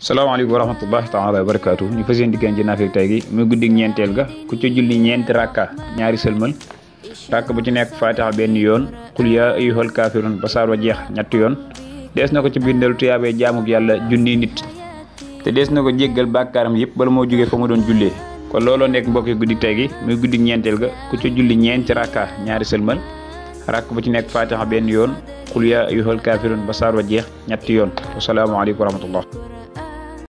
assalamualaikum warahmatullahi taala wabarakatuh. barakatuhu ñu fas yéen diggaan ci naafeeg tey gi muy guddig ñeenteel ga ku ci julli ñent rakka ñaari selmal rakka bu ci nek fatiha ben yoon qul ya ayyuhal kafirun basar wa jeex ñatt yoon des nako ci bindalu tuyaabee jaamuk yalla jundi nit te des nako ko jéggal bàkkaaram yépp bala moo jógee fa mu doon jullee kon looloo nekk mbokki guddi tay gi muy guddi ñentel ga ku ci julli ñent rakka ñaari selmal rakka bu ci nek fatiha ben yoon qul ya ayyuhal kafirun basar wa jeex ñatt yoon assalamualaikum warahmatullahi